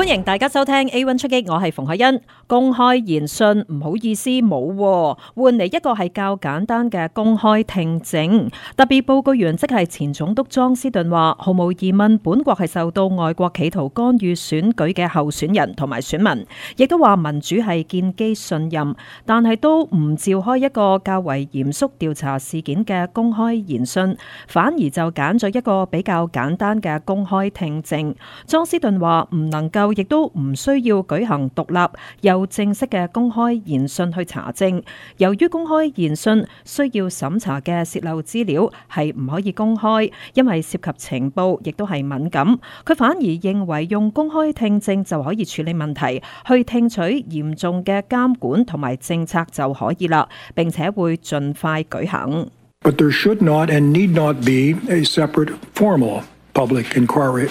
歡迎大家收聽 A1 出擊，我係馮凱欣。公開言訊唔好意思冇，換嚟一個係較簡單嘅公開聽證。特別報告員即係前總督莊斯頓話，毫無疑問，本國係受到外國企圖干預選舉嘅候選人同埋選民，亦都話民主係建基信任，但係都唔召開一個較為嚴肅調查事件嘅公開言訊，反而就揀咗一個比較簡單嘅公開聽證。莊斯頓話唔能夠。我亦都唔需要舉行獨立又正式嘅公開聆訊去查證。由於公開聆訊需要審查嘅泄漏資料係唔可以公開，因為涉及情報亦都係敏感。佢反而認為用公開聽證就可以處理問題，去聽取嚴重嘅監管同埋政策就可以啦，並且會盡快舉行。But there should not and need not be a separate formal public inquiry.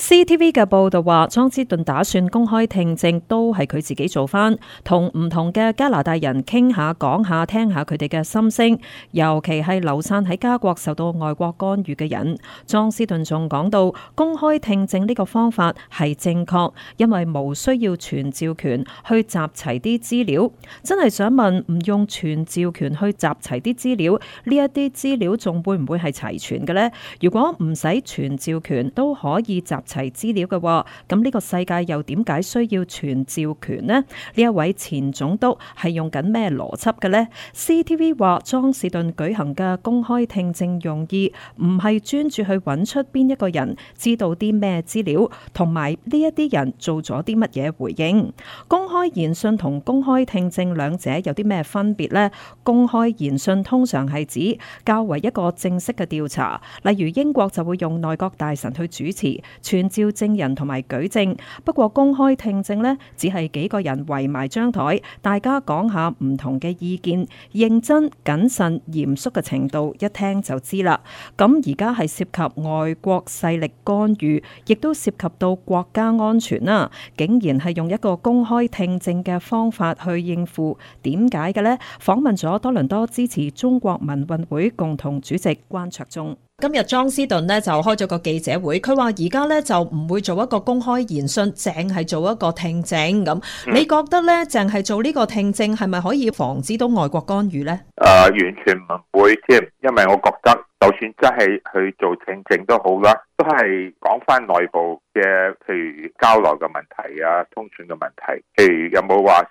CTV 嘅報道話，莊思頓打算公開聽證，都係佢自己做返，同唔同嘅加拿大人傾下、講下、聽下佢哋嘅心聲，尤其係流散喺加國受到外國干預嘅人。莊思頓仲講到，公開聽證呢個方法係正確，因為無需要傳召權去集齊啲資料。真係想問，唔用傳召權去集齊啲資料，呢一啲資料仲會唔會係齊全嘅呢？如果唔使傳召權都可以集齊齊資料嘅話，咁呢個世界又點解需要傳召權呢？呢一位前總督係用緊咩邏輯嘅呢？CTV 話，莊士頓舉行嘅公開聽證用意唔係專注去揾出邊一個人知道啲咩資料，同埋呢一啲人做咗啲乜嘢回應。公開言訊同公開聽證兩者有啲咩分別呢？公開言訊通常係指較為一個正式嘅調查，例如英國就會用內閣大臣去主持按照證人同埋舉證，不過公開聽證呢，只係幾個人圍埋張台，大家講下唔同嘅意見，認真、謹慎、嚴肅嘅程度一聽就知啦。咁而家係涉及外國勢力干預，亦都涉及到國家安全啦，竟然係用一個公開聽證嘅方法去應付，點解嘅呢？訪問咗多倫多支持中國民運會共同主席關卓中。今日莊斯頓咧就開咗個記者會，佢話而家咧就唔會做一個公開聆訊，淨係做一個聽證咁。嗯、你覺得咧淨係做呢個聽證係咪可以防止到外國干預咧？誒、呃，完全唔會添，因為我覺得就算真係去做聽證都好啦，都係講翻內部嘅譬如交流嘅問題啊、通訊嘅問題，譬如有冇話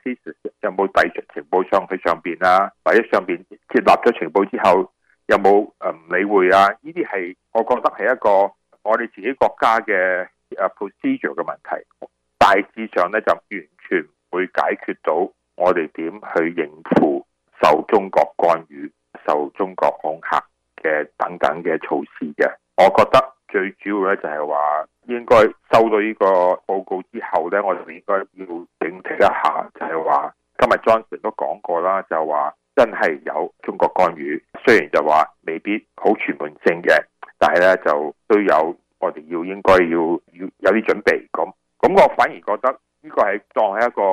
有冇遞情報上去上邊啊，或者上邊接納咗情報之後。有冇誒唔理會啊？呢啲係我覺得係一個我哋自己國家嘅誒 procedure 嘅問題，大致上咧，就完全會解決到我哋點去應付受中國干預、受中國恐嚇嘅等等嘅措施嘅。我覺得最主要咧就係話應該收到呢個報告之後咧，我哋應該要警惕一下就，就係話今日 Johnson 都講過啦，就話。真係有中國干預，雖然就話未必好全面性嘅，但係呢，就都有我哋要應該要要有啲準備。咁咁，我反而覺得呢個係當係一個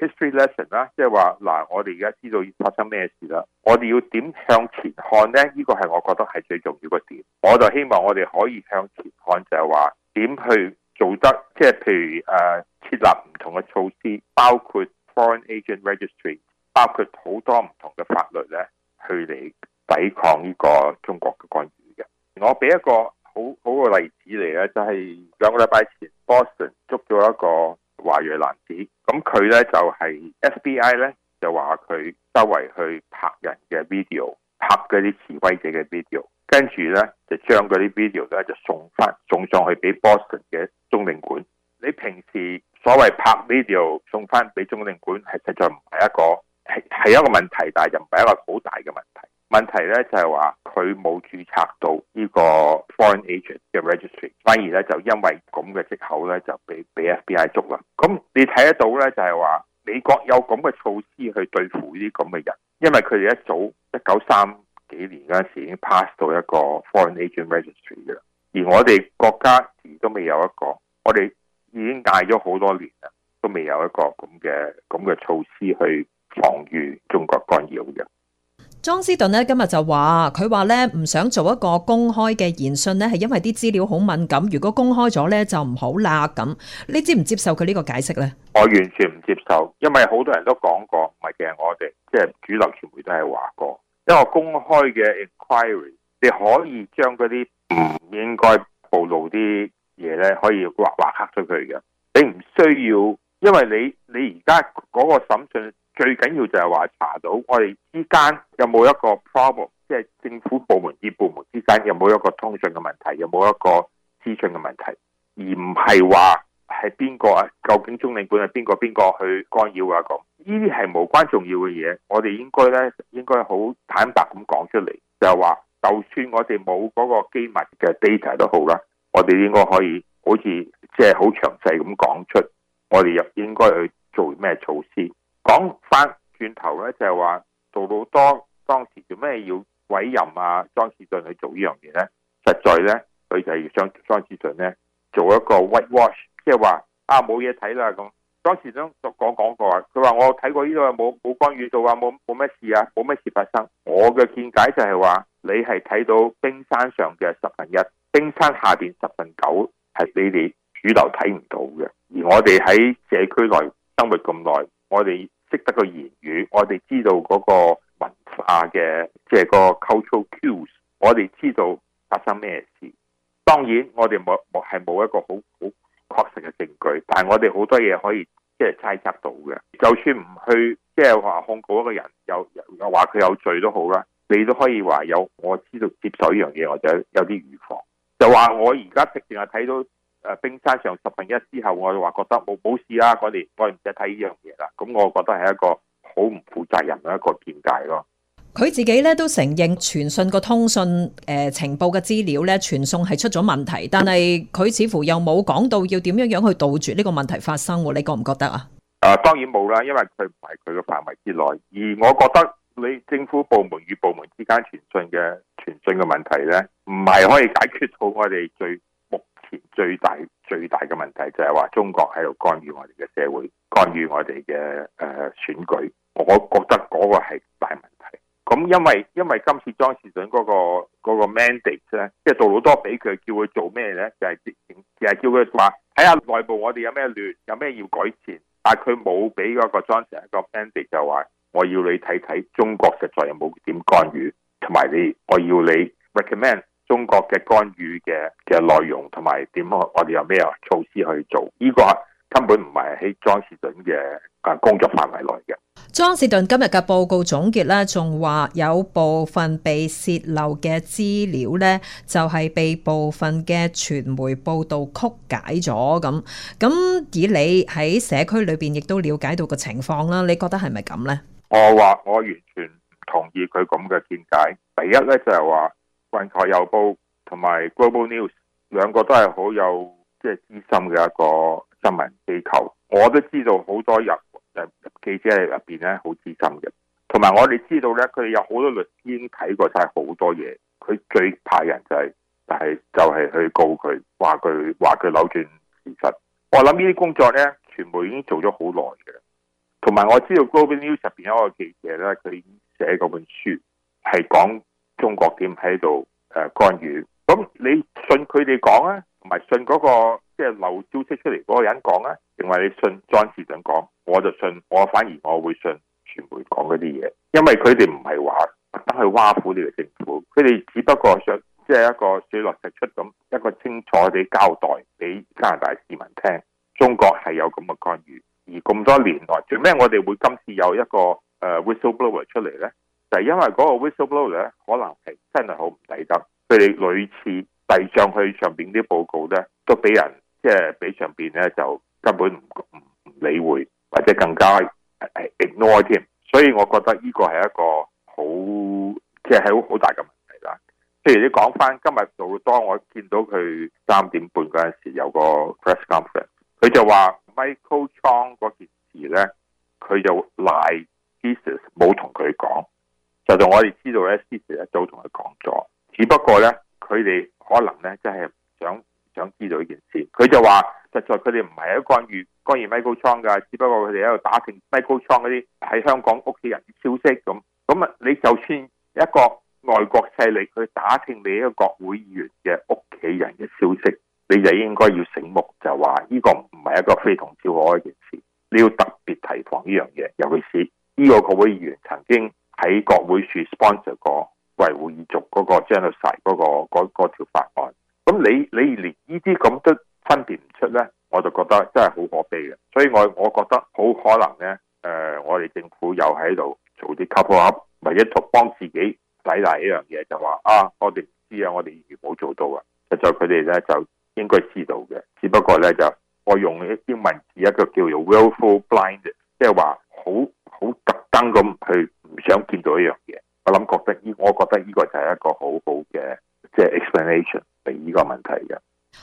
history lesson 啦，即係話嗱，我哋而家知道要發生咩事啦，我哋要點向前看呢？呢、呢個係我覺得係最重要嘅點。我就希望我哋可以向前看就，就係話點去做得，即、就、係、係、譬如誒、啊、設立唔同嘅措施，包括 foreign agent registry。包括好多唔同嘅法律咧，去嚟抵抗呢個中國嘅干預嘅。我俾一個好好嘅例子嚟咧，就係、是、兩個禮拜前，Boston 捉咗一個華裔男子，咁佢咧就係、是、FBI 咧就話佢周圍去拍人嘅 video，拍嗰啲示威者嘅 video，跟住咧就將嗰啲 video 咧就送翻送上去俾 Boston 嘅中領館。你平時所謂拍 video 送翻俾中領館，係實在唔係一個。係一個問題，但係唔係一個好大嘅問題。問題咧就係話佢冇註冊到呢個 foreign agent 嘅 registry，反而咧就因為咁嘅藉口咧就俾俾 FBI 捉啦。咁、嗯、你睇得到咧就係、是、話美國有咁嘅措施去對付呢啲咁嘅人，因為佢哋一早一九三幾年嗰陣時已經 pass 到一個 foreign agent registry 嘅啦。而我哋國家亦都未有一個，我哋已經嗌咗好多年啦，都未有一個咁嘅咁嘅措施去。防禦中國干擾嘅。莊斯頓咧今日就話佢話咧唔想做一個公開嘅言訊咧，係因為啲資料好敏感，如果公開咗咧就唔好啦，咁。你接唔接受佢呢個解釋咧？我完全唔接受，因為好多人都講過，唔係嘅，我哋即係主流傳媒都係話過，一個公開嘅 inquiry，你可以將嗰啲唔應該暴露啲嘢，咧，可以劃劃黑咗佢嘅，你唔需要，因為你你而家嗰個審訊。最緊要就係話查到我哋之間有冇一個 problem，即係政府部門與部門之間有冇一個通訊嘅問題，有冇一個資訊嘅問題，而唔係話係邊個啊？究竟中領館係邊個邊個去干擾啊、這個？咁呢啲係無關重要嘅嘢，我哋應該咧應該好坦白咁講出嚟，就係、是、話就算我哋冇嗰個機密嘅 data 都好啦，我哋應該可以好似即係好詳細咁講出，我哋又應該去做咩措施？講翻轉頭咧，就係話杜魯多當時做咩要委任啊莊士頓去做呢樣嘢咧？實在咧，佢就係要將莊士頓咧做一個 whitewash，即係話啊冇嘢睇啦咁。莊士頓都講講過，佢話我睇過呢度冇冇干預，就話冇冇乜事啊，冇乜事發生。我嘅見解就係話，你係睇到冰山上嘅十分一，冰山下邊十分九係你哋主流睇唔到嘅，而我哋喺社區內生活咁耐，我哋。.識得個言語，我哋知道嗰個文化嘅即係個 cultural cues，我哋知道發生咩事。當然，我哋冇冇係冇一個好好確實嘅證據，但係我哋好多嘢可以即係猜測到嘅。就算唔去即係話控告一個人，又又話佢有罪都好啦，你都可以話有我知道接受呢樣嘢，或者有啲預防。就話我而家直情係睇到。誒冰山上十分一之後，我話覺得冇冇事啦嗰年，我唔使睇呢樣嘢啦。咁我覺得係一個好唔負責任嘅一個見解咯。佢自己咧都承認傳訊個通訊誒、呃、情報嘅資料咧傳送係出咗問題，但係佢似乎又冇講到要點樣樣去杜絕呢個問題發生。你覺唔覺得啊？誒、啊、當然冇啦，因為佢唔係佢嘅範圍之內。而我覺得你政府部門與部門之間傳訊嘅傳訊嘅問題咧，唔係可以解決到我哋最。最大最大嘅問題就係話中國喺度干預我哋嘅社會，干預我哋嘅誒選舉。我覺得嗰個係大問題。咁因為因為今次莊士頓嗰個嗰個 mandate 咧，即係杜魯多俾佢叫佢做咩咧？就係就係叫佢話睇下內部我哋有咩亂，有咩要改善。但係佢冇俾嗰個莊士頓嗰個 mandate，就話我要你睇睇中國實在有冇點干預，同埋你我要你 recommend。中國嘅干預嘅嘅內容同埋點？我哋有咩措施去做？呢個根本唔係喺莊士頓嘅工作範圍內嘅。莊士頓今日嘅報告總結咧，仲話有部分被洩漏嘅資料咧，就係被部分嘅傳媒報導曲解咗咁。咁以你喺社區裏邊亦都了解到嘅情況啦，你覺得係咪咁咧？我話我完全唔同意佢咁嘅見解。第一咧就係話。《環球郵報》同埋《Global News》兩個都係好有即係資深嘅一個新聞機構，我都知道好多日誒記者喺入邊咧好資深嘅，同埋我哋知道咧佢哋有好多律師已經睇過晒好多嘢，佢最怕人就係、是，但係就係、是、去告佢，話佢話佢扭轉事實。我諗呢啲工作咧，全部已經做咗好耐嘅，同埋我知道《Global News》入邊有一個記者咧，佢已經寫嗰本書係講，中國點喺度誒干預？咁你信佢哋講啊，唔係信嗰、那個即係漏消息出嚟嗰個人講啊，定係你信莊市長講？我就信，我反而我會信傳媒講嗰啲嘢，因為佢哋唔係話特登去挖苦你哋政府，佢哋只不過想即係、就是、一個水落石出咁，一個清楚地交代俾加拿大市民聽，中國係有咁嘅干預，而咁多年來做咩，我哋會今次有一個誒、uh, whistleblower 出嚟呢？就係因為嗰個 whistleblower 咧，可能係真係好唔抵得，佢哋屢次遞上去上邊啲報告咧，都俾人即係俾上邊咧就根本唔唔理會，或者更加 ignore 添。所以我覺得呢個係一個好，即係係好好大嘅問題啦。譬如你講翻今日早多，當我見到佢三點半嗰陣時有個 press conference，佢就話 Michael Chong 嗰件事咧，佢就賴 CSIS 冇同佢講。就係我哋知道咧，之前一早同佢講咗，只不過咧，佢哋可能咧，真係想想知道呢件事。佢就話實在佢哋唔係一關於關於 Michael Chan 噶，只不過佢哋喺度打聽 Michael Chan 嗰啲喺香港屋企人嘅消息咁。咁啊，你就算一個外國勢力去打聽你一個國會議員嘅屋企人嘅消息，你就應該要醒目，就話呢個唔係一個非同小可嘅一件事，你要特別提防呢樣嘢，尤其是呢個國會議員曾經，喺國會處 sponsor 個維護意族嗰個 genocide 嗰個嗰、那個、條法案，咁你你連呢啲咁都分辨唔出咧，我就覺得真係好可悲嘅。所以我我覺得好可能咧，誒、呃，我哋政府又喺度做啲 cover up，為咗幫自己抵賴一樣嘢，就話啊，我哋唔知啊，我哋冇做到啊。實在佢哋咧就應該知道嘅，只不過咧就我用一啲文字一個叫做 willful blind 即係話好。好特登咁去唔想見到一樣嘢，我諗覺得呢，我覺得呢個就係一個好好嘅即係 explanation，係呢個問題嘅。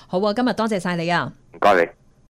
好，今日多謝晒你啊！唔該你。謝謝你。